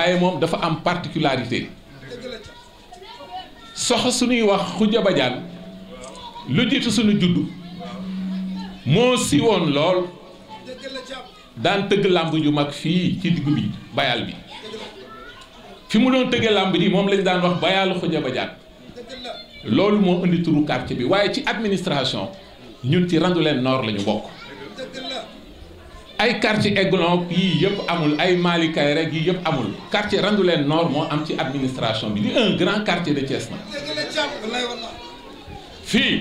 waaye moom dafa am particularité sox suñuy wax Khoudia Badiane lu jiitu suñu juddu moo si woon lool daan tëgg làmb ju mag fii ci diggu bi bayal bi fi mu doon tëggee làmb ji moom lañ daan wax bayalu Khoudia Badiane loolu moo indi turu quartier bi waaye ci administration ñun ci Randoulène Nord la ñu bokk ay quartier Aiglon yii yëpp amul ay Mali Kayre rek yii yëpp amul quartier Randoulène Nord moo am ci administration bi di un grand quartier de Thiès na fii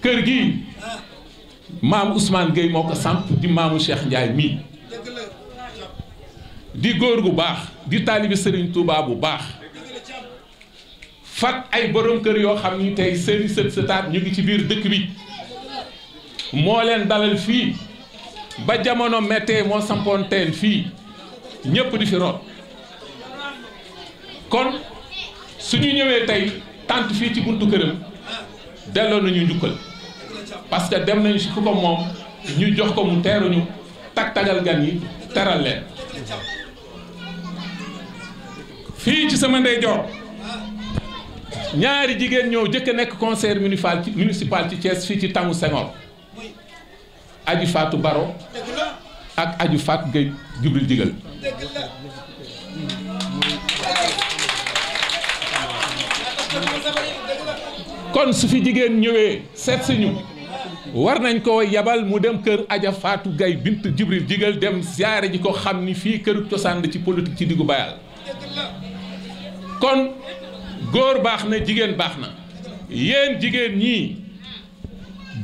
kër gi maam usmaan géey moo ko samp di maamu Cheikh njaay mii di góor gu baax di taalibi Serigne Touba bu baax fat ay boroom kër yoo xam ni tey seeni sët sëtaat ñu ngi ci biir dëkk bi moo leen dalal fii ba jamono méttee moo sampoon fii ñépp di fi root kon ñu ñëwee tey tànt fii ci buntu këram delloo nañu njukkal parce que dem nañu si ku ko moom ñu jox ko mu teeruñu tag tagal gan yi teral leen fii ci sama ndeyjoor ñaari jigéen ñoo jëkk nekk conseil municipal ci municipal ci Thiès fii ci tàngu Senghor aju faatu baro ak aju faat ngay kon su fi jigéen ñëwee seet si war nañ ko yebal mu dem kër aja faatu gay bint jibril jigal dem siyaare ji ko xam ni fii këru cosaan la ci politique ci diggu bayal kon góor baax na jigéen baax na yéen jigéen ñii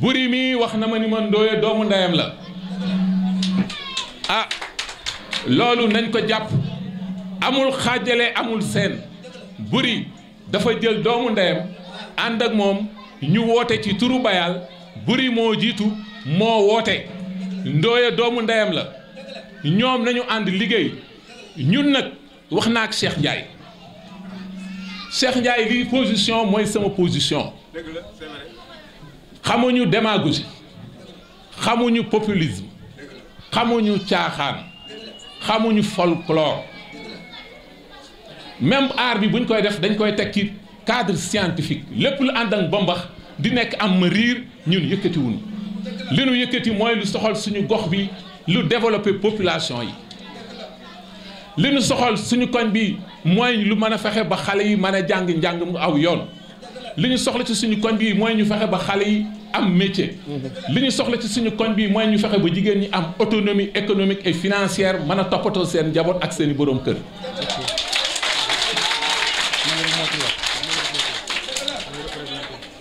buri mi wax na ma ni ma ndooye doomu ndeyam la ah loolu nañ ko jàpp amul xaajale amul seen buri dafa jël doomu ndeyam ànd ak moom ñu woote ci turu bayal buri moo jiitu moo woote ndooye doomu ndeyam la ñoom nañu ànd liggéey ñun nag wax naa ak Cheikh Ndiaye Cheikh Ndiaye lii position mooy sama position xamuñu démagogie xamuñu populisme xamuñu caaxaan xamuñu folklore même art bi buñ koy def dañ koy teg ci cadre scientifique lépp lu ànd ak bombax di nekk am ma riir ñun yëkkatiwuñu li nu yëkkati mooy lu soxal suñu gox bi lu développer population yi li nu soxal suñu koñ bi mooy lu mën a fexe ba xale yi mën a jàng njàng mu aw yoon li ñu soxla ci suñu koñ bi mooy ñu fexe ba xale yi am métier. Mm-hmm. li ñu soxla ci suñu koñ bi mooy ñu fexe ba jigéen ñi am autonomie économique et financière mën a toppatoo seen njaboot ak seen i boroom kër.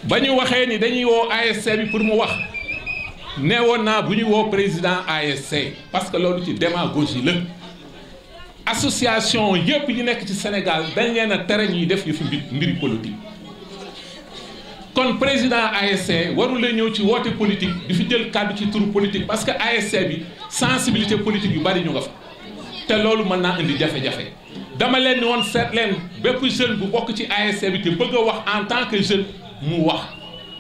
ba ñu waxee ni dañuy woo ASC bi pour mu wax nee woon naa bu ñuy woo président ASC parce que loolu ci démagogie la association yëpp yi nekk ci Sénégal dañ leen a tere ñuy def yu fi mbiri politique. kon président ASC warul la ñëw ci woote politique di fi jël kàddu ci turu politique parce que ASC bi sensibilité politique yu bari ñu nga fa te loolu mën naa indi jafe-jafe dama leen ni woon seet leen bépp jeune bu bokk ci ASC bi te bëgg a wax en tant que jeune mu wax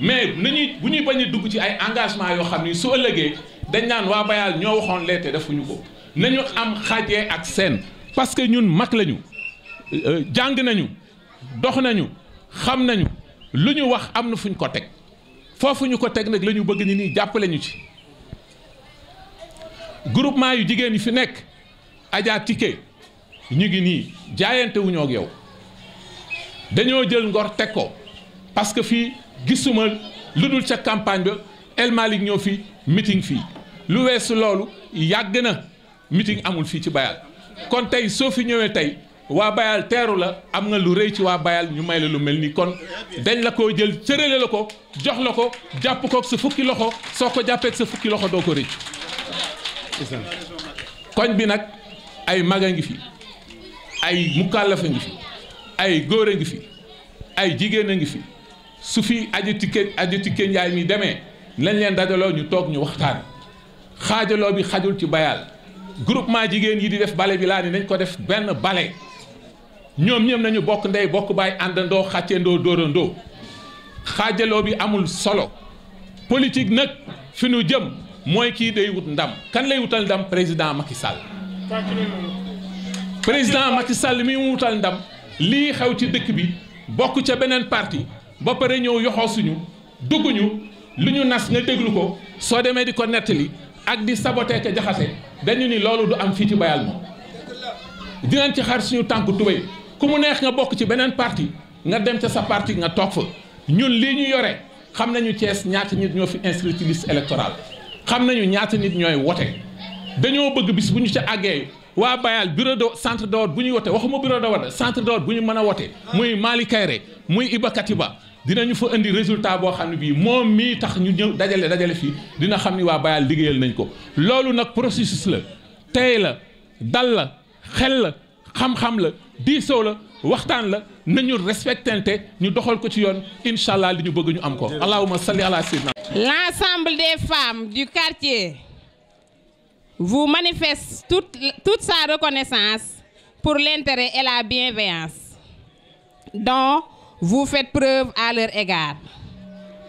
mais nañuy bu ñuy bañ a dugg ci ay engagement yoo xam ni su ëllëgee dañ naan waa Bayal ñoo waxoon leete defuñu ko nañu am xaajee ak seen parce que ñun mag lañu euh, jàng nañu dox nañu xam nañu lu ñu wax am na fu ñu ko teg foofu ñu ko teg nag lañu bëgg ni nii jàppale ñu ci groupement yu jigéen yi fi nekk Adja ñu ngi nii jaayante yow dañoo jël ngor teg ko parce que fii gisuma lu dul ca campagne ba El Malick ñoo fi meeting fii lu weesu loolu yàgg na meeting amul fii ci Bayal kon tey soo fi ñëwee tey waa bayal teeru la am na lu rëy ci waa bayal ñu may la lu mel ni kon dañ la koo jël cërale la ko jox la ko jàpp kook sa fukki loxo soo ko jàppeeg sa fukki loxo doo ko rëccu koñ bi nag ay mag a ngi fi ay mukallaf a ngi fi ay góor a ngi fi ay jigéen a ngi fi su fi ajatike ajatike njaay mi demee lañ leen dajaloo ñu toog ñu waxtaan xaajaloo bi xajul ci bayal groupement jigéen yi di def bale bi laa ni nañ ko def benn bale ñoom ñëm nañu bokk ndey bokk baay àndandoo xàccendoo dóorandoo xaajaloo bi amul solo politique nag fi nu jëm mooy kii day wut ndam kan lay wutal ndam président Macky Sall président Macky Sall mi mu wutal ndam lii xew ci dëkk bi bokk ca beneen parti ba pare ñëw yoxoo suñu dugg ñu lu ñu nas nga déglu ko soo demee di ko nettali ak di saboté ka jaxase dañu ni loolu du am fii ci bayal moom dinañ ci xar suñu tànk tubéy ku mu neex nga bokk ci beneen parti nga dem ca sa parti nga toog fa ñun lii ñu yore xam nañu Thiès ñaata nit ñoo fi inscrit ci liste xam nañu ñaata nit ñooy wote dañoo bëgg bis bu ñu ca àggee waa Bayal bureau de centre de vote bu ñuy wote waxuma bureau de vote centre de vote bu ñu mën a wote muy Mali Kayre muy Iba Katiba dinañu fa indi résultat boo xam ne bii moom mii tax ñu ñëw dajale dajale fii dina xam ni waa Bayal liggéeyal nañ ko loolu nag processus la tey la dal la xel la xam la diisoo la waxtaan la nañu respectante ñu doxal ko ci yoon incha allah li ñu bëgg ñu am ko allahuma salli ala sayyidina l'ensemble des femmes du quartier vous manifeste toute, toute sa reconnaissance pour l'intérêt et la bienveillance dont vous faites preuve à leur égard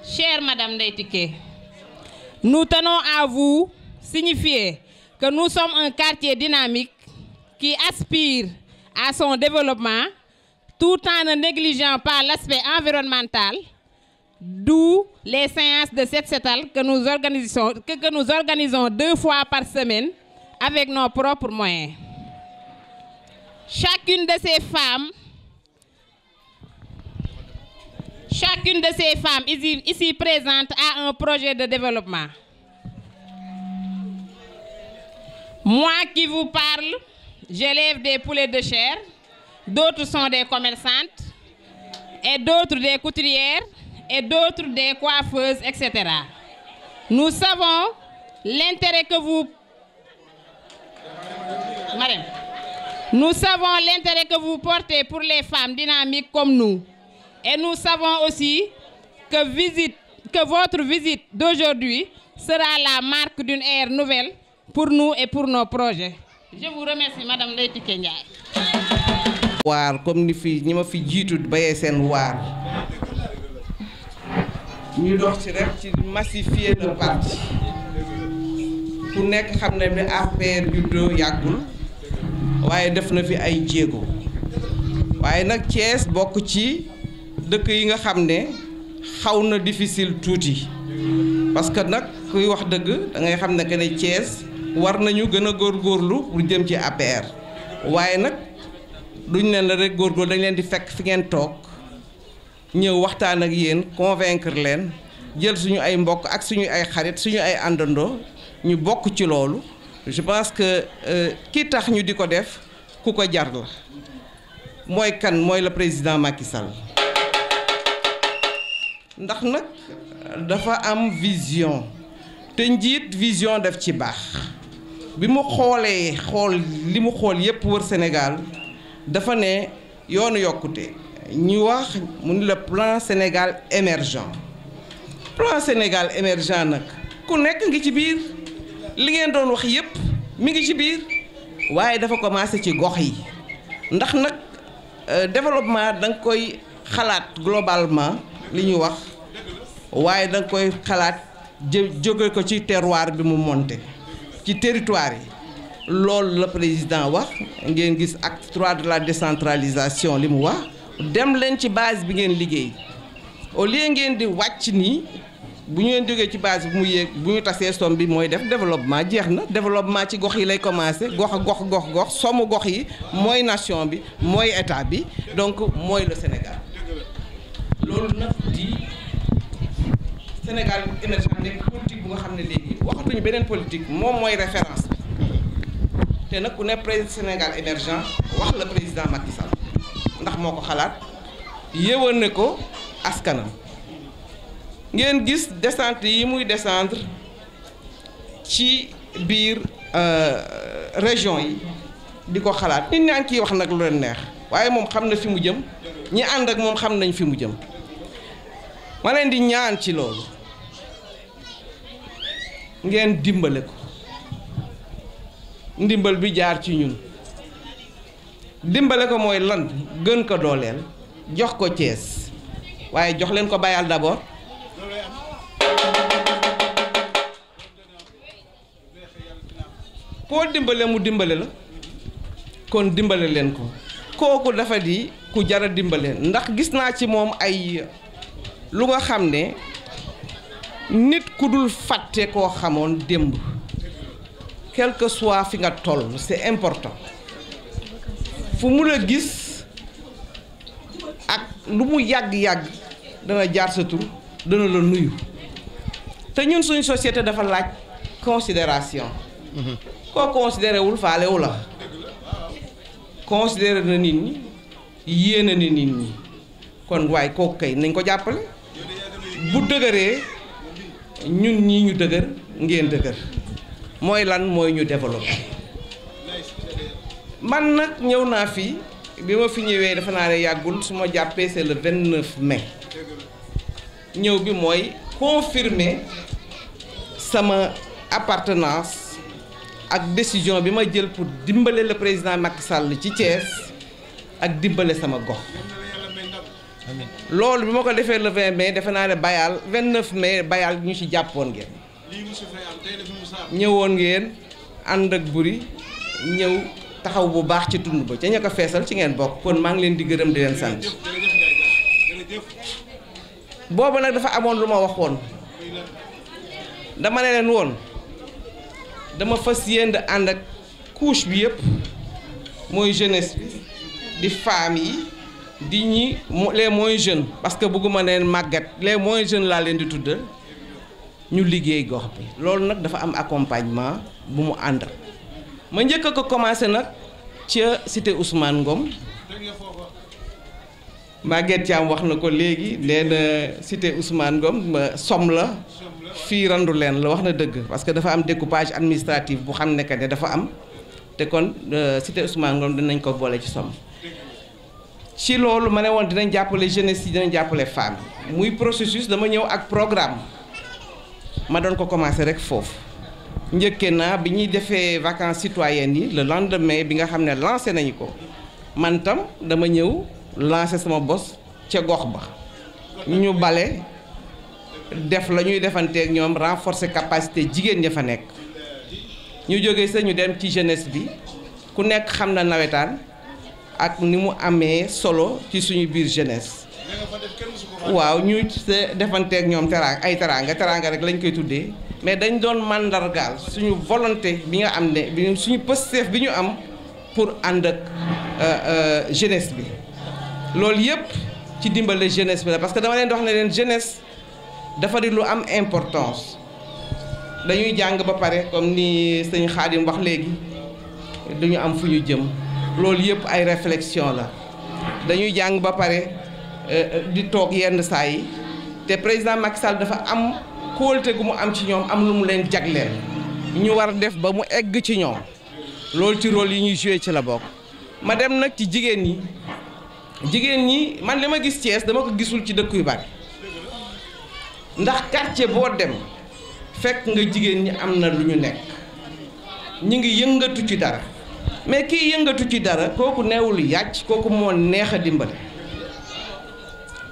chère madame Deitiké nous tenons à vous signifier que nous sommes un quartier dynamique qui aspire à son développement tout en ne négligeant pas l'aspect environnemental, d'où les séances de cette cétale que nous organisons, que, que nous organisons deux fois par semaine avec nos propres moyens. Chacune de ces femmes, chacune de ces femmes ici, ici a un projet de développement. Moi qui vous parle, J'élève des poulets de chair, d'autres sont des commerçantes, et d'autres des couturières, et d'autres des coiffeuses, etc. Nous savons l'intérêt que vous... Madame, nous que vous portez pour les femmes dynamiques comme nous. Et nous savons aussi que, que votre visite d'aujourd'hui sera la marque d'une ère nouvelle pour nous et pour nos projets. je vous remercie madame Leyti Ndiaye. waar comme ni fi ñi fi jiitu bayee seen waar. ñu dox ci rek ci massifier le parti. ku nekk xam ne bi APR juddoo yàggul. waaye def na fi ay jéego. waaye nag Thiès bokk ci dëkk yi nga xam ne xaw na diffisil tuuti. parce que nag kuy wax dëgg da ngay xam ne que ne Thiès. war nañu gën a góorlu pour jëm ci APR waaye nag duñ leen la rek góorgóorlu dañ leen di fekk fi ngeen toog ñëw waxtaan ak yéen convaincre leen jël suñu ay mbokk ak suñu ay xarit suñu ay àndandoo ñu bokk ci loolu je pense que euh, ki tax ñu di ko def ku ko jar la mooy kan mooy le président Macky ndax nag dafa am vision te njiit vision def ci baax bi mu xoolee xool li mu xool yépp wër Sénégal dafa ne yoonu yokkute ñu wax mu ni la plan Sénégal émergent plan Sénégal émergent nag ku nekk ngi ci biir li ngeen doon wax yépp mi ngi ci biir waaye dafa commencé ci gox yi ndax nag euh, développement da nga koy xalaat globalement li ñuy wax waaye danga koy xalaat jë jóge ko ci terroir bi mu monté ci territoire yi loolu la président wax ngeen gis ak trois de la décentralisation li mu wax dem leen ci base bi ngeen liggéey au lieu ngeen di wàcc nii bu ñu leen jógee ci base bu mu yéeg bu ñu tasee somme bi mooy def développement jeex na développement ci gox yi lay commencé gox gox gox gox somme gox yi mooy nation bi mooy état bi donc mooy le Sénégal loolu nag di Sénégal émergent bu nga xam ne léegi waxatuñu beneen politique moom mooy référence te nag ku ne président Sénégal émergent wax la président Macky Sall ndax moo ko xalaat yéwén ne ko askanam ngeen gis descente yi muy descendre ci biir euh, région yi di ko xalaat nit ñaa ngi ciy wax nag lu leen neex waaye moom xam na fi mu jëm ñi ànd ak moom xam nañ fi mu jëm ma leen di ñaan ci loolu ngeen dimbale ko ndimbal bi jaar ci ñun dimbale ko mooy lan gën ko dooleel jox ko cees waaye jox leen ko bayal d'abord koo dimbale mu dimbale la kon dimbale leen ko kooku dafa di ku jara dimbale ndax gis naa ci moom ay lu nga xam ne nit ku dul fàtte koo xamoon démb quelque que soit fi nga toll c'est important fu mu la gis ak lu mu yàgg-yàgg dana jaar sa tur dana la nuyu te ñun suñ société dafa laaj considération koo considéré wul la considéré na nit ñi yéene na nit ñi kon waaye kooku kay nañ ko jàppale bu dëgëree ñun ñi ñu dëgër ngeen dëgër mooy lan mooy ñu développé man nag ñëw naa fi bi ma fi ñëwee dafa naa ne yàggul su ma jàppee c'est le 29 mai ñëw bi mooy confirmer sama appartenance ak décision bi ma jël pour dimbale la président Macky sàll ci Thiès ak dimbale sama gox loolu bi ma ko defee le 20 mai defe naa ne bayaal 29 mai bayaal ñu ci jàppoon ngeen. ñëwoon ngeen ànd ak buri ñëw taxaw bu baax ci tund ba ca ña ko feesal ci ngeen bokk kon maa ngi leen di gërëm di leen sant. boobu nag dafa amoon lu ma wax woon dama ne leen woon dama fas yéen di ànd ak couche bi yëpp mooy jeunesse bi di femmes yi. di ñi les moins jeunes parce que bëgguma neen màggat les moins jeunes laa leen di tudd ñu liggéey gox bi loolu nag dafa am accompagnement bu mu ànd ma njëkk a ko commencé nag ca cité Ousmane Ngom Maguette Thiam wax na ko léegi nee na cité Ousmane ma som la fii randu leen la wax na dëgg parce que dafa am découpage administratif bu xam ne ne dafa am te kon euh, cité Ousmane Ngom dinañ ko boole ci som ci loolu ma ne woon dinañ jàppale jeunesse yi dinañ jàppale femmes muy processus dama ñëw ak programme ma doon ko commencé rek foofu njëkke naa bi ñuy defee vacances citoyennes yi le lendemain bi nga xam ne lancé nañu ko man tam dama ñëw lancé sama bos ca gox ba ñu bale def la ñuy defanteeg ñoom renforcer capacité jigéen ña fa nekk ñu jóge sañu dem ci jeunesse bi ku nekk xam na nawetaan ak ni mu amee solo ci suñu biir jeunesse. waaw ñu defanteek ñoom teraanga ay teraanga teraanga rek lañ koy tuddee mais dañ doon màndargaal suñu volonté bi nga am ne bi suñu pësteef bi ñu am pour ànd ak euh, euh, jeunesse bi loolu yëpp ci dimbale jeunesse bi la parce que dama leen dox wax ne leen jeunesse dafa di lu am importance dañuy jàng ba pare comme ni sëñ Xaadim wax léegi duñu am fu ñu jëm. loolu yëpp ay réflexion la dañuy jàng ba pare euh, euh, di toog yenn saa yi te président Macky Sall dafa am kóolte gu mu am ci ñoom am lu mu leen jagleel ñu war def ba mu egg ci ñoom loolu ci rôle yi ñuy joué ci la bokk ma dem nag ci jigéen ñi jigéen ñi man li ma gis Thiès dama ko gisul ci dëkk yu bari ndax quartier boo dem fekk nga jigéen ñi am na lu ñu nekk ñu ngi yëngatu ci dara mais kii yëngatu ci dara kooku neewul yàcc kooku moo neex a dimbale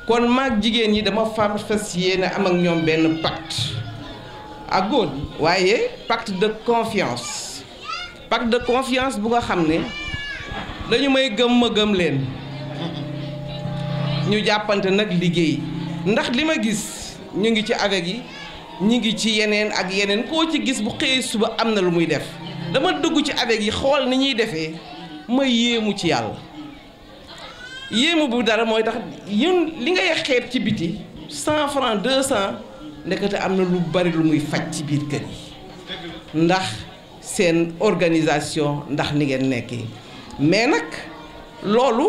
kon maag jigéen ñi dama fam fas yéene am ak ñoom benn pacte ak góor waaye pacte de confiance pacte de confiance bu nga xam ne dañu may gëm ma gëm leen ñu jàppante nag liggéey ndax li ma gis ñu ngi ci aga gi ñu ngi ci yeneen ak yeneen koo ci gis bu xëyee suba am na lu muy def dama dugg ci avec yi xool ni ñuy defee may yéemu ci yàlla yéemu bu dara mooy tax yéen li ngay xeeb ci biti cent franc deux cent ndekete am na lu bari lu muy faj ci biir kër yi ndax seen organisation ndax ni ngeen nekkee mais nag loolu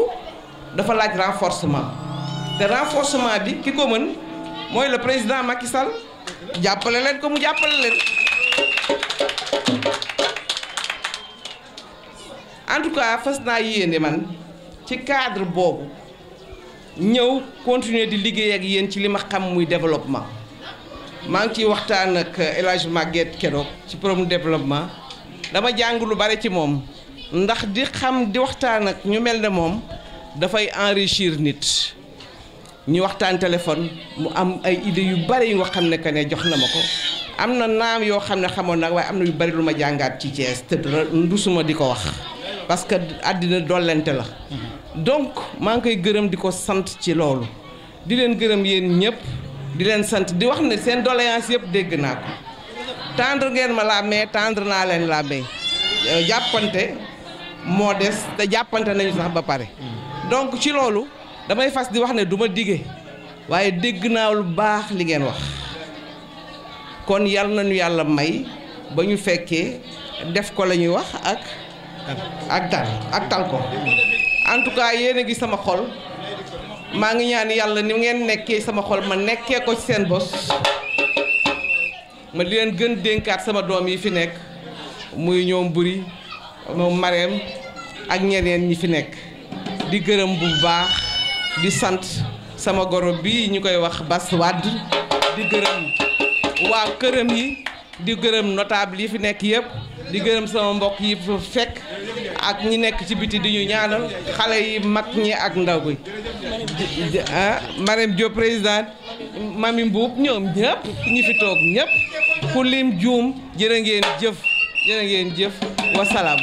dafa laaj renforcement te renforcement bi ki ko mën mooy le président Macky Sall jàppale leen ko mu jàppale leen. en tout cas fas naa yéene man ci cadre boobu ñëw continuer di liggéey ak yéen ci li ma xam muy développement maa ngi ciy waxtaan ak élage Hadj Maguette keroog ci problème développement dama jàng lu bare ci moom ndax di xam di waxtaan ak ñu mel ne moom dafay enrichir nit ñu waxtaan téléphone mu am ay idées yu bari yu nga xam ne que ne jox na ma ko am na naam yoo xam ne xamoon nag waaye am na yu bari lu ma jàngaat ci Thiès te dara ndusuma di ko wax parce que àddina dollante la donc maa ngi koy gërëm di ko sant ci loolu di leen gërëm yéen ñëpp di leen sant di wax ne seen doléance yëpp dégg naa ko tendre ngeen ma la mais tendre naa leen la mais euh, jàppante moo des te jàppante nañu sax ba pare donc ci loolu damay fas di wax ne duma digge waaye dégg naa lu baax li ngeen wax kon yal nañu yàlla may ba ñu fekkee def ko la ñuy wax ak ak dal ak tal ko en tout cas yéen a ngi sama xol maa ngi ñaan yàlla ni ngeen nekkee sama xol ma nekkee ko ci seen bos ma di leen gën dénkaat sama doom yi fi nekk muy ñoom buri moom mareem ak ñeneen ñi fi nekk di gërëm bu baax di sant sama goro bi ñu koy wax Bas Wade di gërëm waa këram yi di gërëm notable yi fi nekk yëpp di gërëm sama mbokk yi fa fekk ak ñi nekk ci biti di ñu ñaanal xale yi mag ñi ak ndaw bi ah Marème Diop présidente Mami Mbuub ñoom ñëpp ñi fi toog ñëpp ku lim juum jërë ngeen jëf jërë ngeen jëf wasalaam.